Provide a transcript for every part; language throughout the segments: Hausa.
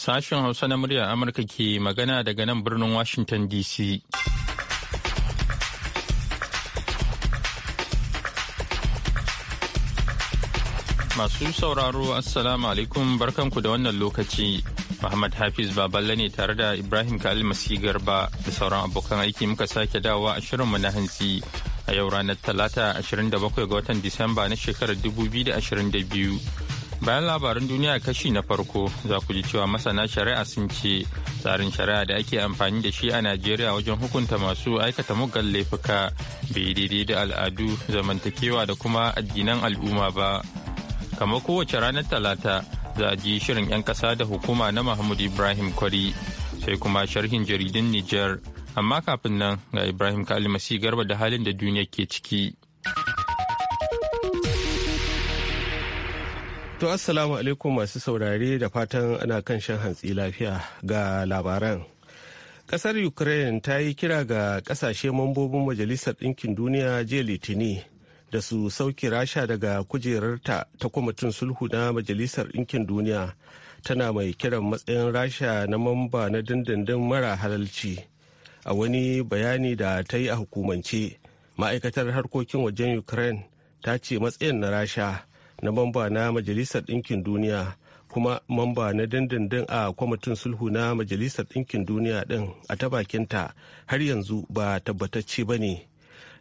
Sashen Hausa na muryar Amurka ke magana daga nan birnin Washington DC. Masu sauraro Assalamu alaikum barkanku da wannan lokaci. Muhammad Hafiz Baballe ne tare da Ibrahim Kalil Masigar ba da sauran abokan aiki muka sake dawowa a shirinmu na hantsi a yau ranar Talata 27 ga watan Disamba na shekarar 2022. bayan labarin duniya kashi na farko za ku ji cewa masana shari'a sun ce tsarin shari'a da ake amfani da shi a najeriya wajen hukunta masu aikata muggan laifuka bai daidai da al'adu zamantakewa da kuma addinan al'umma ba kamar kowace ranar talata za a ji shirin 'yan ƙasa da hukuma na mahmud ibrahim kwari sai kuma sharhin jaridun nijar amma kafin nan ga ibrahim kalimasi garba da halin da duniya ke ciki. To assalamu alaikum masu saurare da fatan ana kan shan hantsi lafiya ga labaran. Kasar Ukraine ta yi kira ga kasashe mambobin Majalisar Ɗinkin Duniya jiya Litini da su sauki rasha daga kujerarta ta kwamitin sulhu na Majalisar Ɗinkin Duniya tana mai kiran matsayin rasha na mamba na dindindin mara halalci. A wani bayani da ta yi a hukumance, ma'aikatar harkokin wajen Ukraine ta ce matsayin na rasha. na mamba na majalisar ɗinkin duniya kuma mamba na dindindin a kwamitin sulhu na majalisar ɗinkin duniya ɗin a ta bakinta har yanzu ba tabbatacce ba ne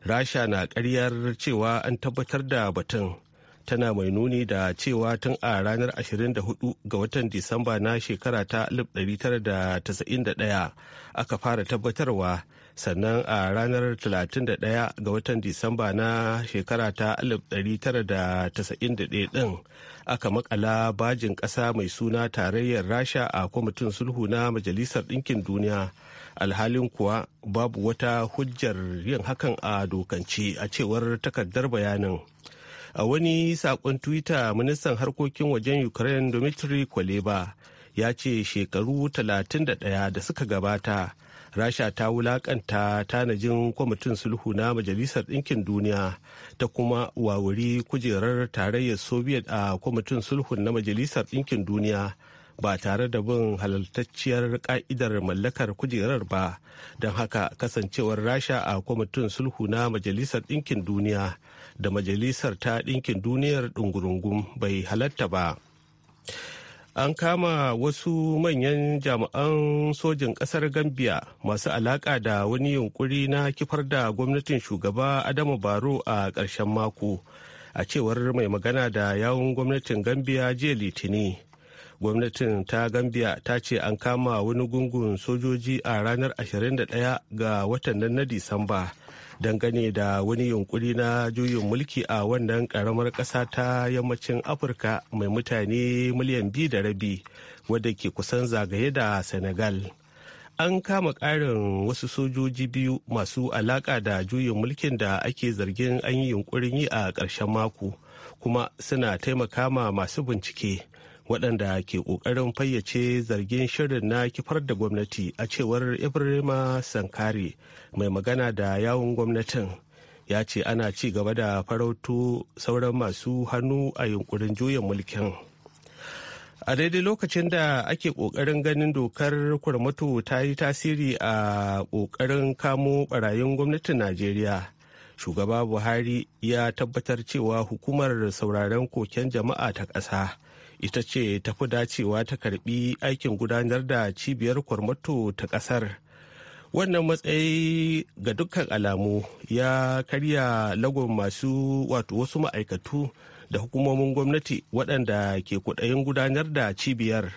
rasha na karyar cewa an tabbatar da batun tana mai nuni da cewa tun a ranar 24 ga watan disamba na shekara ta 1991 aka fara tabbatarwa sannan a ranar 31 ga watan disamba na shekara ta 1991 din aka makala bajin ƙasa mai suna tarayyar rasha a kwamitin sulhu na majalisar ɗinkin duniya alhalin kuwa babu wata hujjar yin hakan a dokanci, a cewar takardar bayanin a wani saƙon twitter ministan harkokin wajen ukraine dmitry kwaleba ya ce shekaru 31 da suka gabata rasha ta wulakanta tanajin kwamitin sulhu na majalisar ɗinkin duniya ta kuma wawuri kujerar tarayyar soviet a kwamitin sulhu na majalisar ɗinkin duniya ba tare da bin halaltacciyar ka'idar mallakar kujerar ba don haka kasancewar rasha a kwamitin sulhu na majalisar ɗinkin duniya da majalisar ta ɗinkin duniyar ɗungurungun bai halatta ba an kama wasu manyan jami'an sojin ƙasar gambia masu alaƙa da wani yunkuri na kifar da gwamnatin shugaba adamu baro a ƙarshen mako a cewar mai magana da yawun gwamnatin gambia jiya litini gwamnatin ta gambia ta ce an kama wani gungun sojoji a ranar 21 ga watan nan na disamba dangane da wani yunkuri na juyin mulki a wannan karamar ƙasa ta yammacin afirka mai mutane miliyan biyu da rabi wadda ke kusan zagaye da senegal an kama ƙarin wasu sojoji biyu masu alaƙa da juyin mulkin da ake zargin an yi yunkurin yi a ƙarshen mako kuma suna taimaka ma masu bincike waɗanda ke ƙoƙarin fayyace zargin shirin na kifar da gwamnati a cewar Ibrahim sankare mai magana da yawon gwamnatin ya ce ana ci gaba da farauto sauran masu hannu a yunkurin juyin mulkin a daidai lokacin da ake ƙoƙarin ganin dokar kwarmato ta yi tasiri a ƙoƙarin kamo ɓarayin gwamnatin najeriya shugaba buhari ya tabbatar cewa hukumar sauraren koken jama'a ta ƙasa ita ce ta fi dacewa ta karbi aikin gudanar da cibiyar kwarmato ta kasar wannan matsayi ga dukkan alamu ya karya lagon masu wato wasu ma'aikatu da hukumomin gwamnati waɗanda ke kudayin gudanar da cibiyar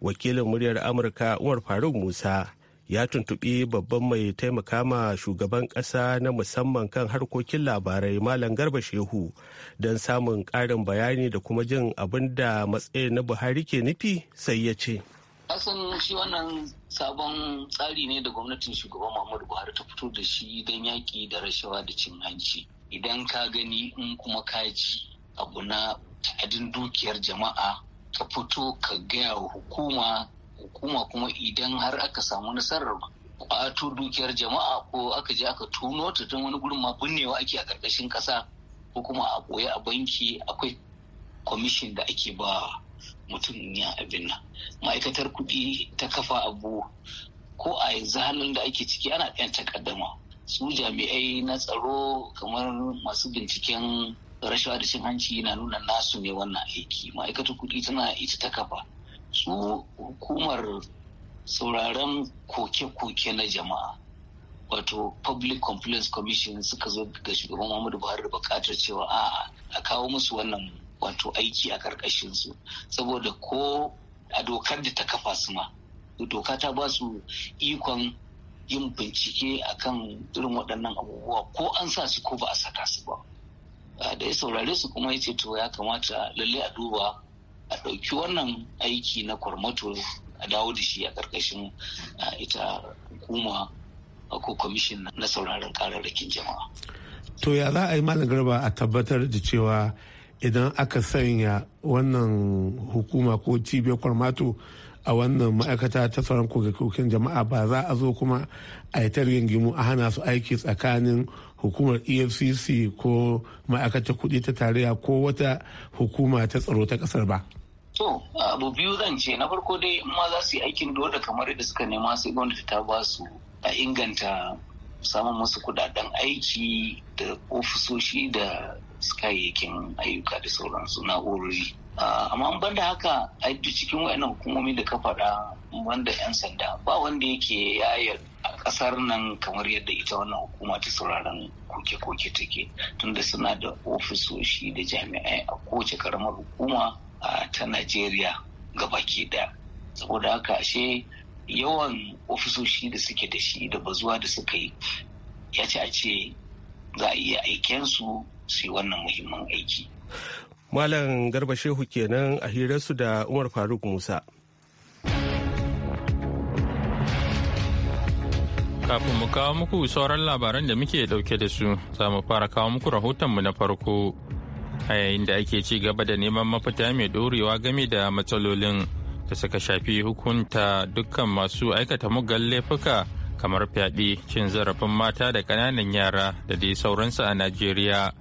wakilin muryar amurka umar faruk musa ya tuntuɓi babban mai taimaka ma shugaban ƙasa na musamman kan harkokin labarai malam garba shehu don samun ƙarin bayani da kuma jin abin da matsayin na buhari ke nufi sai ya ce asan shi wannan sabon tsari ne da gwamnatin shugaban muhammadu buhari ta fito da shi don yaƙi da rashawa da cin hanci idan ka gani in kuma ka ji abu na ta'adin dukiyar jama'a ka fito ka gaya wa hukuma hukuma kuma idan har aka samu nasarar kwato dukiyar jama'a ko aka je aka tuno ta tun wani gurin ma binnewa ake a ƙarƙashin ƙasa ko kuma a koyi a banki akwai kwamishin da ake ba mutum ya abin nan ma'aikatar kuɗi ta kafa abu ko a yanzu halin da ake ciki ana ɗan takaddama su jami'ai na tsaro kamar masu binciken rashawa da cin hanci na nuna nasu ne wannan aiki ma'aikatar kuɗi tana ita ta kafa su hukumar sauraron koke-koke na jama'a wato public complaints commission suka zo ga shugaban muhammadu buhari da bukatar cewa a a kawo musu wannan wato aiki a karkashin su saboda ko a dokar da ta kafa su ma doka ta ba su ikon yin bincike akan irin waɗannan abubuwa ko an sa su ko ba a saka su ba da ya saurare su kuma ya ce to ya kamata lalle a duba a ɗauki wannan aiki na kwarmato a dawo da shi a ƙarƙashin ita hukuma ko kwamishin na sauraron kararrakin jama'a. To ya za a yi malam garba a tabbatar da cewa idan aka sanya wannan hukuma ko cibiyar kwarmato a wannan ma'aikata ta sauran kogakokin jama'a ba za a zo kuma a yi gimu a hana su aiki tsakanin hukumar efcc ko ma'aikatar kuɗi ta tarayya ko wata hukuma ta tsaro ta ƙasar ba. To abu biyu zan ce na farko dai ma za su yi aikin dole kamar da suka nema sai gwamnati ta ba su a inganta samun musu kudaden aiki da ofisoshi da kayayyakin ayyuka da sauransu na'urori. amma ban da haka a cikin wayannan hukumomi da ka faɗa wanda 'yan sanda ba wanda yake yaya a ƙasar nan kamar yadda ita wannan hukuma ta sauraron koke-koke take tunda suna da ofisoshi da jami'ai a kowace karamar hukuma a ta najeriya baki daya saboda haka ashe yawan ofisoshi da suke da shi da bazuwa da suka yi ya ce a ce za a iya aikensu su yi wannan muhimman aiki malam garba shehu kenan a hirarsu da umar faruk musa Kafin mu kawo muku sauran labaran da muke dauke da su, za mu fara kawo muku rahotonmu na farko. a yayin da ake ci gaba da neman mafita mai ɗorewa game da matsalolin da suka shafi hukunta dukkan masu aikata mugan laifuka kamar fyaɗe cin zarafin mata da ƙananan yara da dai sauransu a najeriya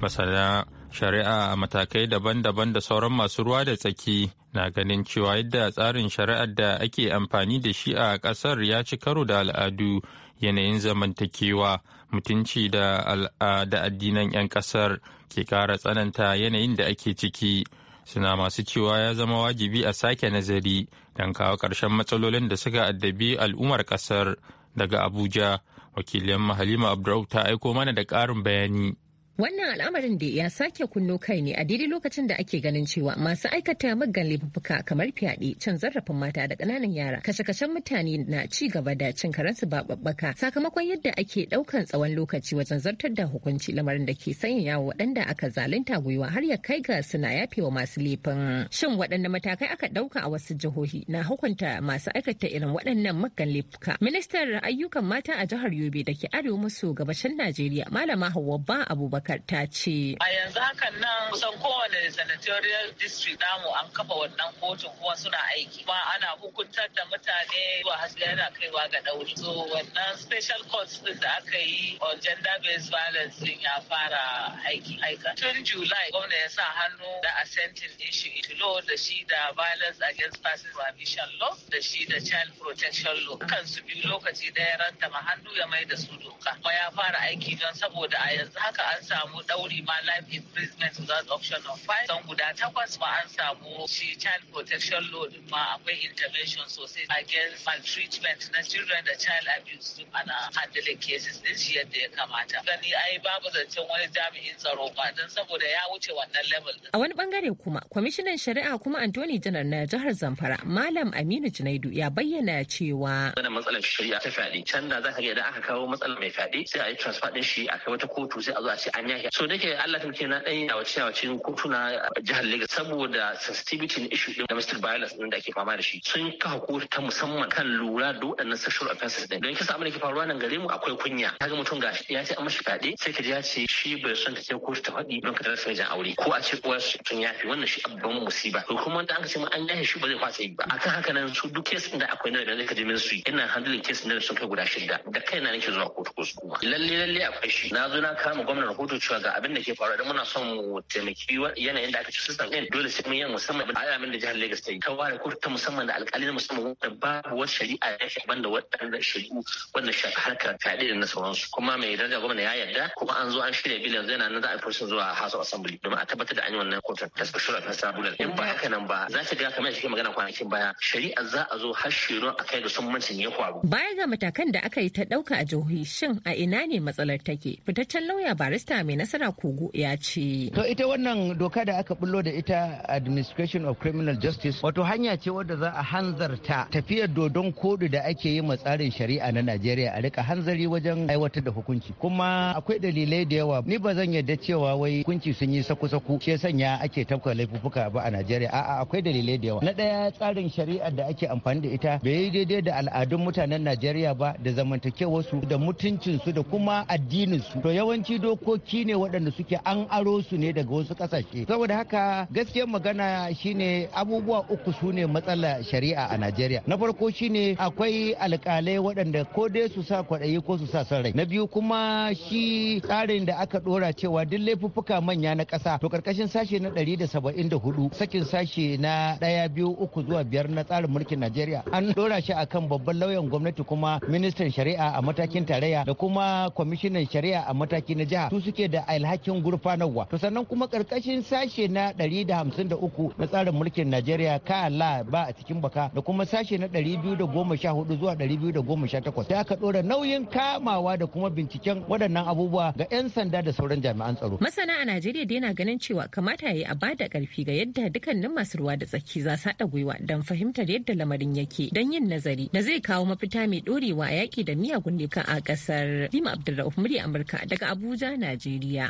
masana shari'a a matakai daban-daban da sauran masu ruwa da tsaki na ganin cewa yadda tsarin shari'ar da ake amfani da shi a ƙasar ya ci karo da al'adu yanayin zamantakewa mutunci da al'ada addinan 'yan kasar ke kara tsananta yanayin da ake ciki suna masu cewa ya zama wajibi a sake nazari don kawo ƙarshen matsalolin da suka addabi al'ummar kasar daga abuja wakilin mahalima abdurrahman ta aiko mana da ƙarin bayani Wannan al'amarin da ya sake kunno kai ne a daidai lokacin da ake ganin cewa masu aikata muggan laifuka kamar fyaɗe, can zarrafin mata da ƙananan yara, kashe-kashen mutane na ci gaba da cin karensu ba babbaka sakamakon yadda ake ɗaukan tsawon lokaci wajen zartar da hukunci lamarin da ke sanya waɗanda aka zalunta gwiwa har ya kai ga suna yafewa masu laifin. Shin waɗanne matakai aka ɗauka a wasu jihohi na hukunta masu aikata irin waɗannan muggan laifuka? Ministan ayyukan mata a jihar Yobe da ke arewa maso gabashin Najeriya, Malama Hauwa Ba Abubakar hakan ta ce. A yanzu hakan nan kusan kowane senatorial district namu an kafa wannan kotun kuma suna aiki. Kuma ana hukuntar da mutane zuwa haske yana kaiwa ga ɗauri. So wannan special court din da aka yi on gender based violence din ya fara aiki aika. Tun July gwamna ya sa hannu da assenting issue into law da shi da violence against persons prohibition law da shi da child protection law. su biyu lokaci ɗaya ma hannu ya mai da su doka. Kuma ya fara aiki don saboda a yanzu haka an sa samu ɗauri ma life imprisonment without option of five don guda takwas ma an samu shi child protection law din ma akwai intervention sosai against maltreatment na children da child abuse din ana handle cases din shi yadda ya kamata gani ai babu zancen wani jami'in tsaro ba don saboda ya wuce wannan level din a wani bangare kuma kwamishinan shari'a kuma Anthony Janar na jihar Zamfara Malam Aminu Junaidu ya bayyana cewa wannan matsalar shari'a ta fyaɗe can da zaka ga idan aka kawo matsalar mai fyaɗe sai a yi transfer din shi a kai wata kotu sai a zo a ce an an yahi so nake Allah ta na dan yawa cewa cikin kotuna jihar Lagos saboda sensitivity issue din domestic violence din da ake fama da shi sun kafa kotu ta musamman kan lura da waɗannan sexual offenses din don kisa abin ke faruwa nan gare mu akwai kunya kaga mutum ga ya ce an mashi fyaɗe sai ka ji ya ce shi bai son ta ce kotu ta faɗi don ka tarasa jan aure ko a ce uwar sun yafi wannan shi abban musiba to kuma da an ce an yafi shi ba zai kwasa yi ba akan haka nan su duk din da akwai na da ka je min su ina handling din na sun kai guda shida da kaina nake zuwa kotu ko su kuma lalle lalle akwai shi na zo na kama gwamnan kotu cewa ga abin da ke faruwa idan muna son mu taimaki yanayin da aka ci sistan din dole sai mun yi musamman abin alamin da jihar Lagos ta yi ta ware kurta musamman da alƙali na musamman wanda babu wata shari'a ya shafi banda waɗanda shari'u wanda shafi harkar kaɗe da na sauransu kuma mai daraja gwamna ya yarda kuma an zo an shirya biliyan zai na nan za a fursun zuwa House of Assembly domin a tabbatar da an yi wannan kotun ta special ta sabulan in ba haka nan ba za ki ga kamar shi magana kwanakin baya shari'a za a zo har shirin a kai ga sunmancin ya faru. Baya ga matakan da aka yi ta ɗauka a jihohi shin a ina ne matsalar take fitaccen lauya barista gwamna mai nasara kogo ya ce to ita wannan doka da aka bullo da ita administration of criminal justice wato hanya ce wadda za a hanzarta tafiyar dodon kodu da ake yi ma tsarin shari'a na najeriya a rika hanzari wajen aiwatar da hukunci kuma akwai dalilai da yawa ni ba zan yarda cewa wai hukunci sun yi saku-saku shi sanya ake tafka laifuffuka ba a najeriya a'a akwai dalilai da yawa na daya tsarin shari'ar da ake amfani da ita bai yi daidai da al'adun mutanen najeriya ba da zamantakewarsu da mutuncinsu da kuma addininsu to yawanci dokoki shine waɗanda suke an aro su ne daga wasu ƙasashe saboda haka gaskiya magana shine abubuwa uku su ne matsalar shari'a a najeriya na farko shine akwai alƙalai waɗanda ko dai su sa kwaɗayi ko su sa son na biyu kuma shi tsarin da aka ɗora cewa duk laifuffuka manya na ƙasa to ƙarƙashin sashe na ɗari da saba'in da hudu sakin sashe na ɗaya biyu uku zuwa biyar na tsarin mulkin najeriya an ɗora shi akan babban lauyan gwamnati kuma ministan shari'a a matakin tarayya da kuma kwamishinan shari'a a mataki na jiha su suke yake da alhakin gurfanarwa to sannan kuma karkashin sashe na 153 na tsarin mulkin Najeriya ka la ba a cikin baka da kuma sashe na 214 zuwa 218 da ka dora nauyin kamawa da kuma binciken waɗannan abubuwa ga 'yan sanda da sauran jami'an tsaro. Masana a Najeriya da yana ganin cewa kamata ya yi a bada karfi ga yadda dukkanin masu ruwa da tsaki za su haɗa gwiwa don fahimtar yadda lamarin yake don yin nazari da zai kawo mafita mai ɗorewa a yaƙi da miyagun leka a ƙasar. Lima Abdulrahman Murya Amurka daga Abuja, Najeriya. Najeriya.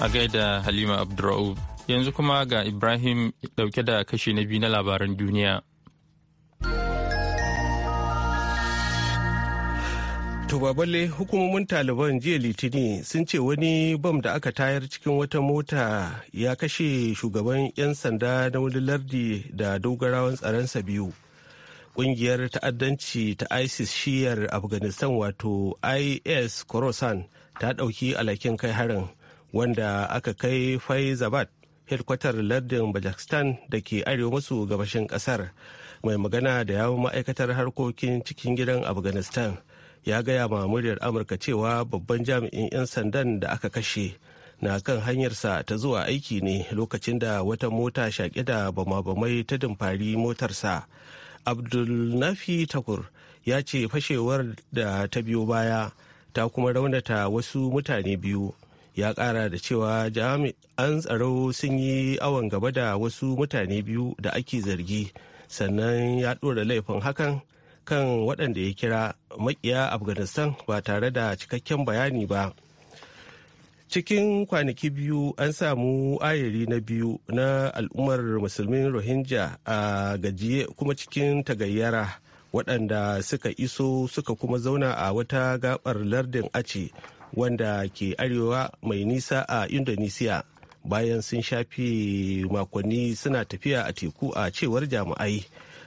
A gaida Halima Abdur'aub yanzu kuma ga Ibrahim ɗauke da kashe na biyu na labaran duniya. balle hukumomin Taliban jiya Litini sun ce wani bam da aka tayar cikin wata mota ya kashe shugaban 'yan sanda na wani lardi da dogarawan tsaronsa biyu. kungiyar ta'addanci ta isis shiyar afghanistan wato is khorasan ta ɗauki alakin kai harin wanda aka kai faizabad hedkwatar lardin bajakistan da ke arewa maso gabashin ƙasar mai magana da yawon ma'aikatar harkokin cikin gidan afghanistan ya gaya ma muryar amurka cewa babban jami'in 'yan sandan da aka kashe na kan hanyarsa ta zuwa aiki ne lokacin da wata mota shaƙi da bama-bamai ta dumfari motarsa abdulnafi takur ya ce fashewar da ta biyo baya ta kuma raunata wasu mutane biyu ya kara da cewa jami'an tsaro sun yi awon gaba da wasu mutane biyu da ake zargi sannan ya ɗora laifin hakan kan waɗanda ya kira makiya afghanistan ba tare da cikakken bayani ba. cikin kwanaki biyu an samu ayari na biyu na al'ummar musulmin rohingya a gajiye kuma cikin tagayyara waɗanda suka iso suka kuma zauna a wata gabar lardin aci wanda ke arewa mai nisa a indonesia bayan sun shafi makonni suna tafiya a teku a cewar jami'ai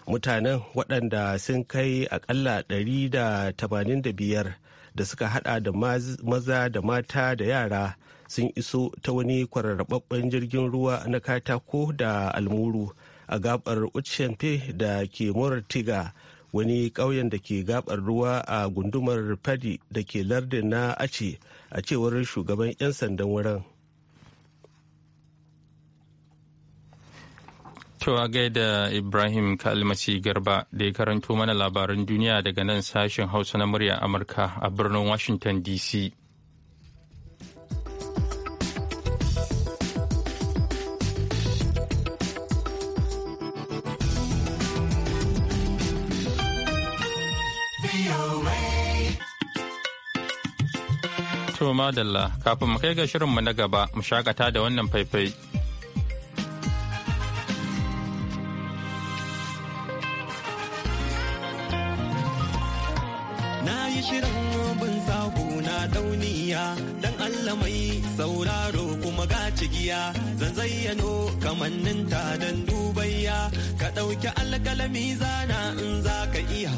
mutanen waɗanda sun kai akalla biyar. da suka hada da maza da mata da yara sun iso ta wani kwararrababben jirgin ruwa na katako da almuru a gabar uchenpe da ke tiga wani ƙauyen da ke gabar ruwa a gundumar fadi da ke lardin na ace a cewar shugaban 'yan sandan wurin a gaida Ibrahim Kalmasi Garba da ya karanto mana labaran duniya daga nan sashen Hausa na murya Amurka a birnin Washington DC. To madalla kafin mu kai ga shirinmu na gaba mu shakata da wannan faifai. ta don dubayya ka ɗauki alƙalami zana in za ka iya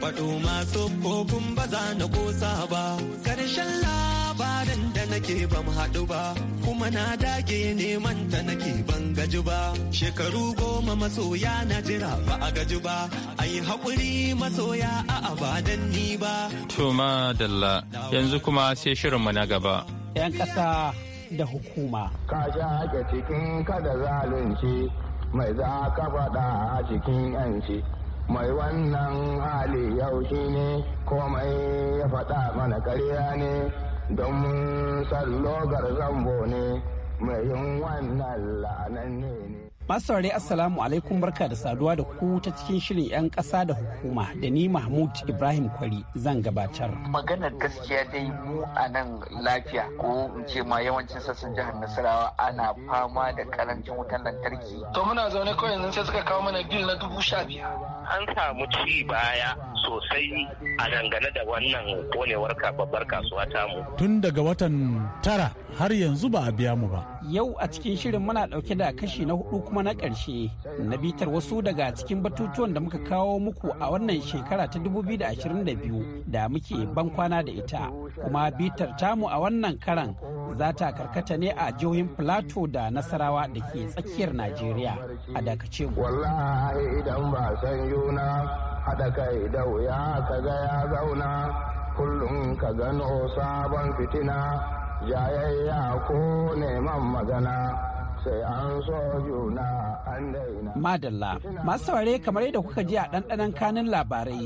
faɗo masu kofin ba za na kosa ba ƙarshen labarin da nake ban haɗu ba kuma na dage neman ta nake ban gaji ba shekaru goma masoya na jira ba a gaji ba ayi haƙuri masoya a abadan ni ba. to dalla yanzu kuma sai shirinmu na gaba. 'yan ƙasa da hukuma. Ka sha ake cikin kada zalunci mai za ka faɗa a cikin yanci. Mai wannan hali yau ne komai ya faɗa mana karya ne don mun sallogar zambo ne mai yin wannan ne ne. Masu Assalamu alaikum barka da saduwa da ku ta cikin shirin 'yan ƙasa da hukuma da ni Mahmud Ibrahim Kwari zan gabatar. Maganar gaskiya dai mu a nan lafiya ko in ce ma yawancin sassan jihar Nasarawa ana fama da karancin wutan lantarki. To muna zaune kawai yanzu sai suka kawo mana bil na dubu sha biyar. An samu ci baya sosai a dangane da wannan konewar babbar kasuwa tamu. Tun daga watan tara har yanzu ba a biya mu ba. Yau a cikin shirin muna ɗauke da kashi na hudu kuma na ƙarshe na bitar wasu daga cikin batutuwan da muka kawo muku a wannan shekara ta 2022 da muke ban kwana da ita. Kuma bitar tamu a wannan karan za ta karkata ne a jihohin Plateau da Nasarawa da ke tsakiyar Najeriya a dakace mu. Wallahi idan ba san yuna haɗa kai da wuya ka ga ya zauna kullum ka gano sabon fitina jayayya ko neman magana sai an so juna an daina. Madalla, masu saurare kamar yadda kuka ji a ɗanɗanon kanin labarai.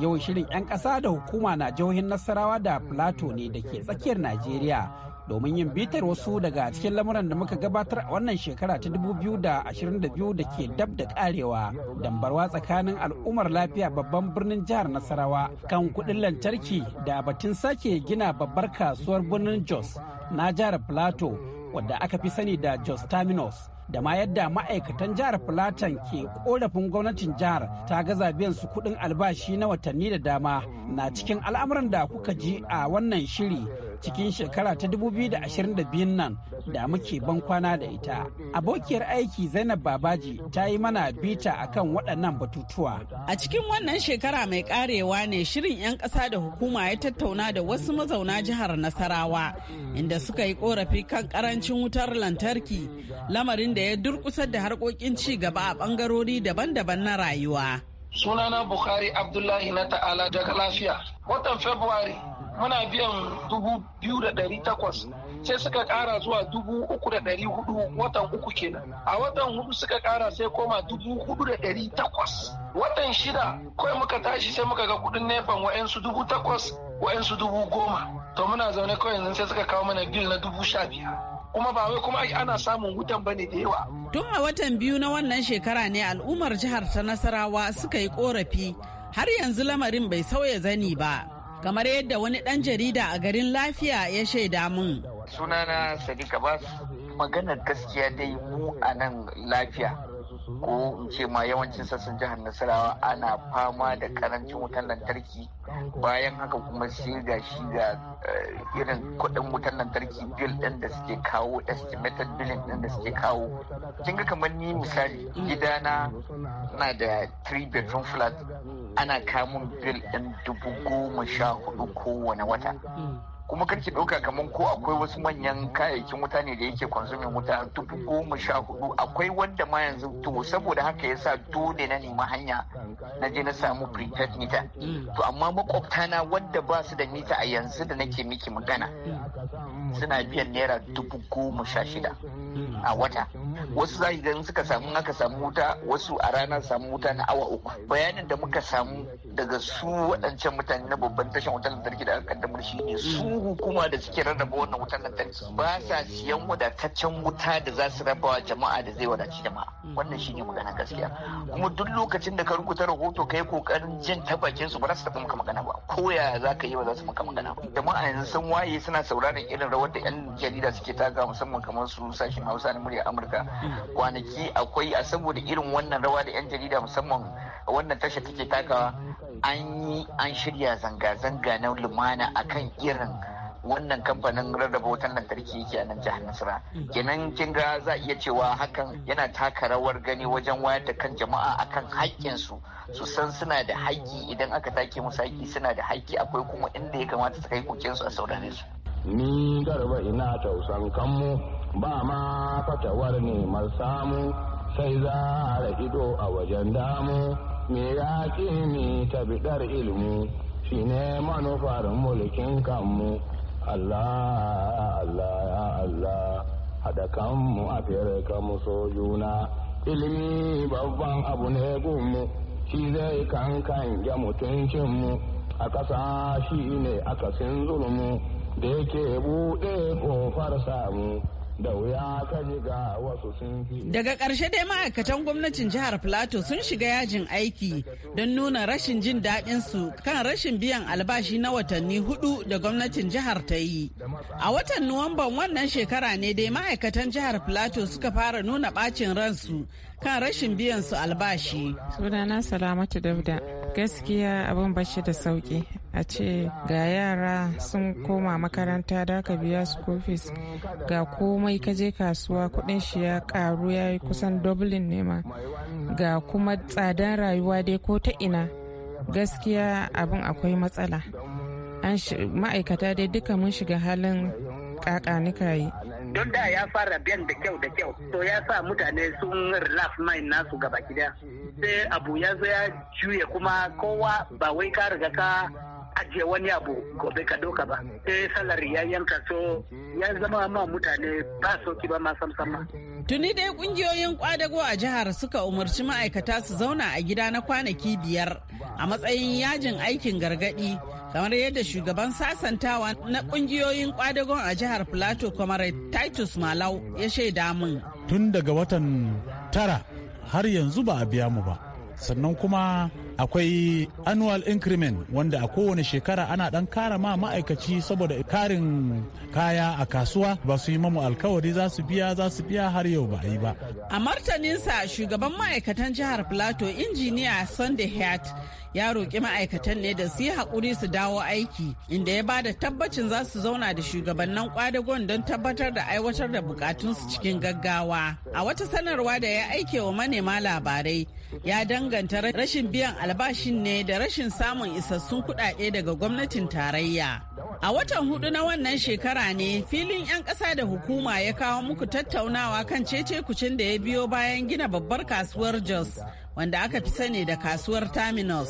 Yau shirin 'yan ƙasa da hukuma na jihohin Nasarawa da filato ne da ke tsakiyar Najeriya domin yin bitar wasu daga cikin lamuran da muka gabatar a wannan shekara ta 2022 da ke dab da karewa dambarwa tsakanin al'ummar lafiya babban birnin jihar nasarawa kan kudin lantarki da batun sake gina babbar kasuwar birnin jos na jihar plato wadda aka fi sani da jos terminus da ma yadda ma'aikatan jihar Filatan ke korafin gwamnatin jihar ta gaza biyan su kudin albashi na watanni da dama na cikin al'amuran da kuka ji a wannan shiri cikin shekara ta 2025 nan da muke ban kwana da ita. Abokiyar aiki Zainab Babaji ta yi mana bita akan waɗannan batutuwa. A cikin wannan shekara mai karewa ne shirin 'yan ƙasa da hukuma ya tattauna da wasu mazauna jihar Nasarawa inda suka yi ƙorafi kan ƙarancin wutar lantarki lamarin da ya durkusar da harkokin ci gaba a ɓangarori daban-daban na rayuwa. Sunana Bukhari Abdullahi na ta'ala daga lafiya. Watan Februari muna biyan dubu biyu da ɗari takwas sai suka kara zuwa dubu uku da ɗari hudu watan uku kenan a watan hudu suka kara sai koma dubu hudu da ɗari takwas watan shida kawai muka tashi sai muka ga kuɗin nefan wa'yansu dubu takwas wa'yansu dubu goma to muna zaune kawai yanzu sai suka kawo mana bil na dubu sha biyar kuma ba wai kuma ana samun hutan ba ne da yawa. Tun a watan biyu na wannan shekara ne al'ummar jihar ta Nasarawa suka yi korafi har yanzu lamarin bai sauya zani ba. kamar yadda wani ɗan jarida a garin lafiya ya shaida mun. Sunana Sadiq Abbas maganar gaskiya dai mu a nan lafiya ko in ce ma yawancin sassan jihar Nasarawa ana fama da karancin wutar lantarki bayan haka kuma sai ga shi ga eh, irin kuɗin wutan lantarki bil ɗin da suke kawo estimated billing ɗin da suke kawo kin kamar ni misali gidana na da 3 bedroom flat ana kamun bil ɗin dubu goma sha hudu kowane wata kuma karki ɗauka kamar ko akwai wasu manyan kayayyakin wuta ne da yake kwanzumin wuta dubu goma sha hudu akwai wanda ma yanzu to saboda haka yasa dole na nema hanya na je na samu prepaid mita to amma makwabta na wanda ba su da mita a yanzu da nake miki magana suna biyan naira dubu goma sha shida a wata wasu za idan suka samu aka samu wuta wasu a rana samu wuta na awa uku bayanin da muka samu daga su waɗancan mutane na babban tashan wutar lantarki da aka kaddamar shi ne su hukuma da suke rarraba wannan wutar lantarki ba sa siyan wadataccen wuta da za su rabawa jama'a da zai wadaci jama'a wannan shi ne magana gaskiya kuma duk lokacin da ka rubuta rahoto ka yi kokarin jin ta bakin su ba za su taɓa maka magana ba ko ya za ka yi ba za su maka magana ba jama'a yanzu sun waye suna sauraron irin rawar wadda 'yan jarida suke taka musamman kamar su sashen hausa na murya amurka kwanaki akwai a saboda irin wannan rawa da 'yan jarida musamman wannan tasha take takawa an yi an shirya zanga-zanga na lumana akan irin wannan kamfanin rarraba wutan lantarki yake a nan jihar Nasara. Kenan kin ga za a iya cewa hakan yana taka rawar gani wajen wayar da kan jama'a akan haƙƙin su su san suna da haƙƙi idan aka take musu haƙƙi suna da haƙƙi akwai kuma inda ya kamata su kai kokensu a saurare su. ni garba ina tausan kanmu ba ma fatawar neman samu sai za a ido a wajen damu me ya ce ni tabidar ilmu ne manufar mulkin kanmu Allah Allah ya Allah haɗa kanmu a firka mu so juna ilimi babban abu ne gunmu shi zai kankan ya mutuncinmu a ƙasa shi ne akasin zulmu da yake buɗe ƙofar samu da wuya ka ga wasu sun fi. Daga ƙarshe dai ma'aikatan gwamnatin jihar plateau sun shiga yajin aiki don nuna rashin jin daɗin su kan rashin biyan albashi na watanni hudu da gwamnatin jihar ta yi. A watan Nuwamban wannan shekara ne dai ma'aikatan jihar plateau suka fara nuna ɓacin ransu kan rashin biyan su albashi. Sunana Salamatu Dauda. gaskiya abin bashi da sauki a ce ga yara sun koma makaranta da aka biya su kofis ga komai ka je kasuwa kudin shi ya karu ya yi kusan dublin nema ga kuma tsadan rayuwa dai ko ta ina gaskiya abin akwai matsala ma'aikata dai duka mun shiga halin kakanika yi don da ya fara biyan da kyau da kyau to ya sa mutane sun relax mind nasu gaba gida sai abu ya zo ya juye kuma kowa ba wai ka riga ka ajiye wani abu gobe ka doka ba sai eh, salari ya yanka so ya zama ma mutane ba soki ba ma samsama. Tuni dai kungiyoyin kwadago a jihar suka umarci ma'aikata su zauna a gida na kwanaki biyar a matsayin yajin aikin gargadi kamar yadda shugaban sasantawa na kungiyoyin kwadagon a jihar Plateau kamar Titus Malau ya shaida mun Tun daga watan tara har yanzu ba a biya mu ba. Sannan kuma akwai annual increment wanda a kowane shekara ana dan kara ma ma'aikaci saboda karin kaya a kasuwa ba su yi mamu alkawari za su biya za su biya har yau ba yi ba a martaninsa shugaban ma'aikatan jihar plateau injiniya sunday heart. ya roƙi ma'aikatan ne da su yi haƙuri su dawo aiki inda ya ba da tabbacin za su zauna da shugabannin kwadagon don tabbatar da aiwatar da bukatunsu cikin gaggawa a wata sanarwa da ya aike wa manema labarai ya danganta rashin biyan albashin ne da rashin samun isassun kuɗaɗe daga gwamnatin tarayya a watan hudu na wannan shekara ne filin 'yan ƙasa da hukuma ya kawo muku tattaunawa kan cece kucin da ya biyo bayan gina babbar kasuwar jos wanda aka fi sani da kasuwar terminus.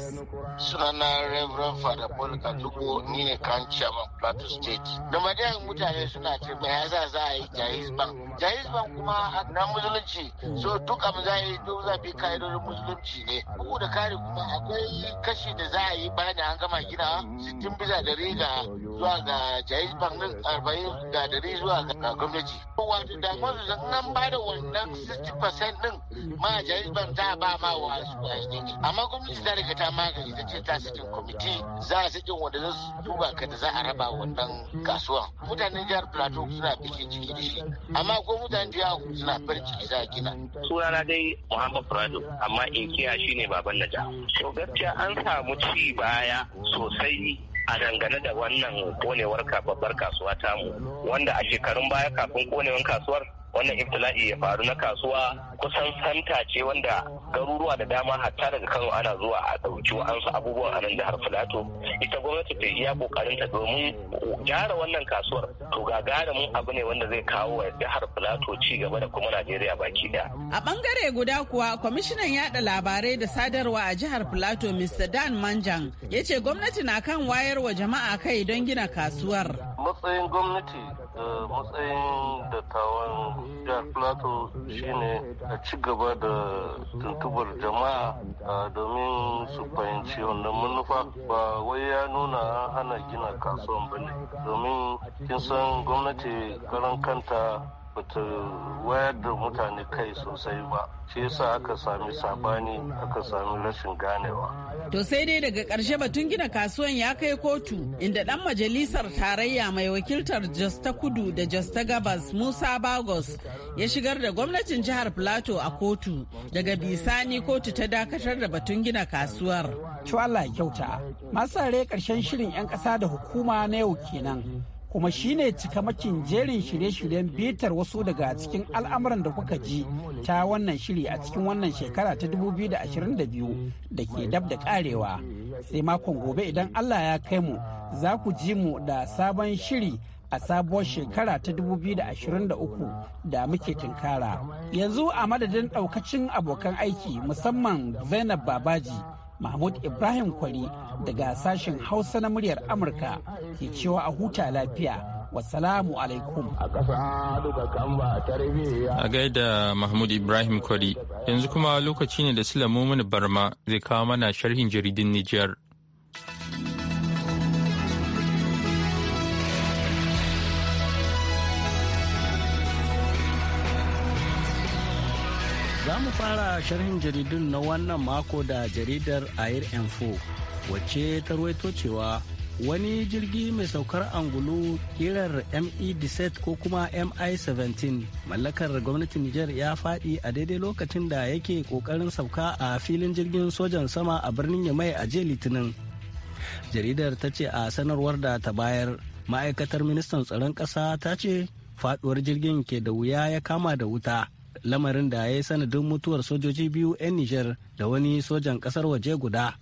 sunana reverend father paul katuko ni ne kan chairman plateau state da mutane suna ce mai yasa za a yi jahiz bank jahiz bank kuma na musulunci so duk abu za a yi duk zafi ka'idodin musulunci ne bugu da kare kuma akwai kashi da za a yi bayan da an gama gina sittin bisa dari ga zuwa ga jahiz bank din arba'in ga dari zuwa ga gwamnati wato da mafi zan ba da wannan 60% din ma jahiz bank za a ba ma dawowa su a shi amma gwamnati ta riga ta magani ta ce ta sitin kwamiti za a sitin wanda za su duba ka da za a raba wannan kasuwan mutanen jihar plateau suna bikin ciki da shi amma ko mutanen jihar suna bar ciki za a gina. sunana dai muhammad prado amma in shi ne baban naja so gaskiya an samu ci baya sosai a dangane da wannan konewar babbar kasuwa tamu wanda a shekarun baya kafin konewar kasuwar wannan iftila'i ya faru na kasuwa kusan santa ce wanda garuruwa da dama hatta daga kano ana zuwa a ɗauki wa'ansu abubuwan a nan jihar filato ita gwamnati ta iya kokarin ta domin gyara wannan kasuwar to ga mun abu ne wanda zai kawo wa jihar filato ci gaba da kuma najeriya baki daya a bangare guda kuwa kwamishinan yaɗa labarai da sadarwa a jihar filato mr dan manjan ya ce gwamnati na kan wayar wa jama'a kai don gina kasuwar matsayin gwamnati da matsayin dattawan jihar filato shine a ci gaba da tuntubar jama'a domin su fahimci wannan manufa ba wai ya nuna an hana gina kasuwan ba domin kin san gwamnati karan kanta bata wayar da mutane kai sosai ba shi yasa aka sami sabani aka sami rashin ganewa to sai dai daga ƙarshe batun gina kasuwan ya kai kotu inda dan majalisar tarayya mai wakiltar Jasta kudu da Jasta gabas musa bagos ya shigar da gwamnatin jihar plateau a kotu daga bisani kotu ta dakatar da batun gina kasuwar Cuwala kyauta masu ƙarshen shirin 'yan ƙasa da hukuma na yau kenan kuma shine cikamakin jerin shirye-shiryen bitar wasu daga cikin al'amuran da kuka ji ta wannan shiri a cikin wannan shekara ta 2022 da ke dab da karewa sai makon gobe idan allah ya kai mu za ku ji mu da sabon shiri a sabuwar shekara ta 2023 da muke tunkara yanzu a madadin daukacin abokan aiki musamman zainab babaji Mahmud Ibrahim Kwari daga sashen Hausa na muryar Amurka ke cewa a huta lafiya. Wasalamu alaikum. A gaida Mahmud Ibrahim Kwari, yanzu kuma lokaci ne da Sulamu Barma zai kawo mana sharhin jaridin Nijar. fara sharhin jaridun na wannan mako da jaridar Air Info wacce ta ruwaito cewa wani jirgi mai saukar angulu kirar me deset ko kuma mi-17 mallakar gwamnatin niger ya fadi a daidai lokacin da yake kokarin sauka a filin jirgin sojan sama a birnin yamai a jiya litinin jaridar ta ce a sanarwar da ta bayar ma'aikatar ministan tsaron ƙasa ta ce faduwar jirgin ke da wuya ya kama da wuta lamarin da ya yi sanadin mutuwar sojoji biyu 'yan Nijar da wani sojan ƙasar waje guda.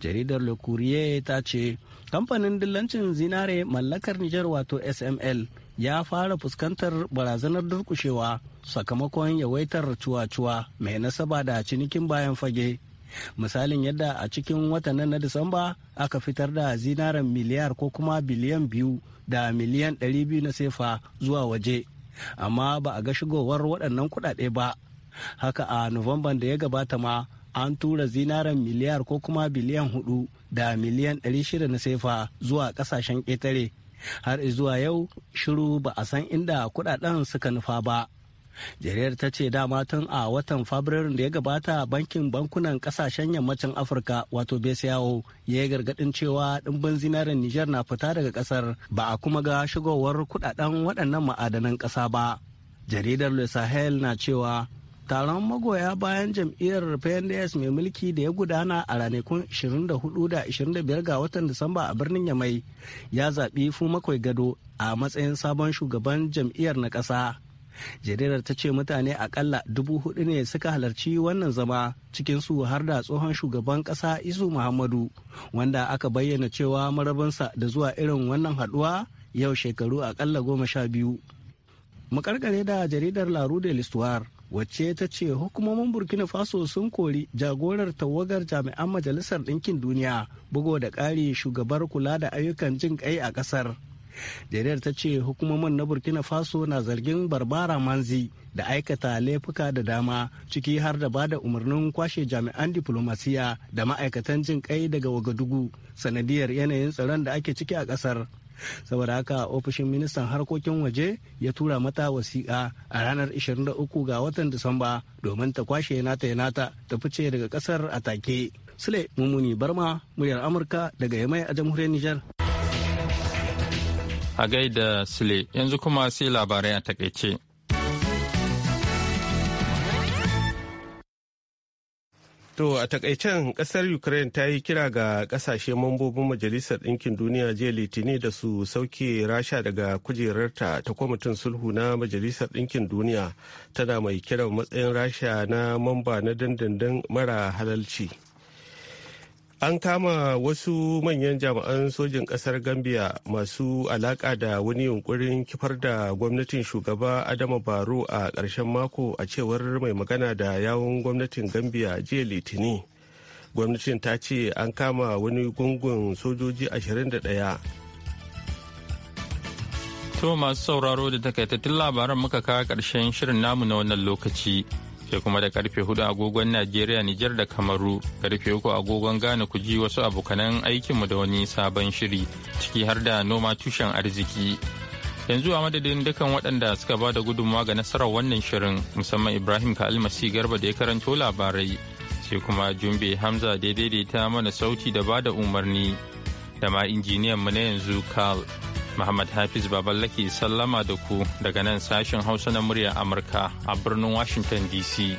Jaridar Le Courrier ta ce, kamfanin dillancin zinare mallakar Nijar wato SML ya fara fuskantar barazanar durkushewa sakamakon yawaitar cuwa-cuwa mai nasaba da cinikin bayan fage. Misalin yadda a cikin watan na Disamba aka fitar da zinaren miliyar ko kuma biliyan biyu da miliyan ɗari biyu na sefa zuwa waje. amma ba a ga shigowar waɗannan kuɗaɗe ba haka a nuwamban da ya gabata ma an tura zinaren miliyar ko kuma biliyan hudu da miliyan ɗari shida na sefa zuwa ƙasashen ƙetare har zuwa yau shiru ba a san inda kuɗaɗen suka nufa ba jaridar ta ce dama tun a watan fabrairun da ya gabata bankin bankunan kasashen yammacin afirka wato besiyawo ya yi gargadin cewa dimbin zinarin Niger na fita daga kasar ba a kuma ga shigowar kudaden waɗannan ma'adanan ƙasa ba jaridar le sahel na cewa taron magoya bayan jam'iyyar pnds mai mulki da ya gudana a ranakun 24 da 25 ga watan disamba a birnin yamai ya zaɓi fu makwai gado a matsayin sabon shugaban jam'iyyar na ƙasa jaridar ta ce mutane akalla dubu hudu ne suka halarci wannan zama cikinsu har da tsohon shugaban kasa isu muhammadu wanda aka bayyana cewa marabinsa da zuwa irin wannan haduwa yau shekaru akalla goma sha biyu makarkare da jaridar laru de l'histoire wacce ta ce hukumomin burkina faso sun kori jagorar tawagar jami'an majalisar ɗinkin duniya bugo da ƙari shugabar kula da ayyukan jin ƙai a ƙasar jaridar ta ce hukumomin na burkina faso na zargin barbara manzi da aikata laifuka da dama ciki har da bada umarnin kwashe jami'an diplomasiya da ma'aikatan jin kai daga wagadugu sanadiyar yanayin tsaron da ake ciki a kasar saboda haka ofishin ministan harkokin waje ya tura mata wasiƙa a ranar 23 ga watan disamba domin ta kwashe nata nata ta fice daga kasar a take sule mummuni barma muryar amurka daga yamai a jamhuriyar nijar A gaida Sule, yanzu kuma sai labarai a takaice. To a takaicen kasar Ukraine ta yi kira ga kasashe mambobin Majalisar Ɗinkin Duniya jiya Litini da su sauke rasha daga kujerarta ta kwamitin sulhu na Majalisar Ɗinkin Duniya tana mai kiran matsayin rasha na mamba na dandandan mara halalci. an kama wasu manyan jami'an sojin kasar gambia masu alaka da wani yunkurin kifar da gwamnatin shugaba adama baro a ƙarshen mako a cewar mai magana da yawon gwamnatin gambia jiya litini gwamnatin ta ce an kama wani gungun sojoji 21 To masu sauraro da takaitattun labaran muka kawo ƙarshen shirin namu na wannan lokaci sai kuma da karfe hudu agogon Najeriya Nijar da Kamaru karfe uku agogon Ghana ku ji wasu abokanan aikinmu da wani sabon shiri ciki har da noma tushen arziki. Yanzu a madadin dukan waɗanda suka ba da gudunmawa ga nasarar wannan shirin musamman Ibrahim kalmasi garba da ya karanto labarai sai kuma Jumbe Hamza da daidaita mana sauti da ba da umarni da ma injiniyan mu na yanzu Carl. Muhammad Hafiz Baballake sallama da ku daga nan sashen Hausa na muryar Amurka a birnin Washington DC.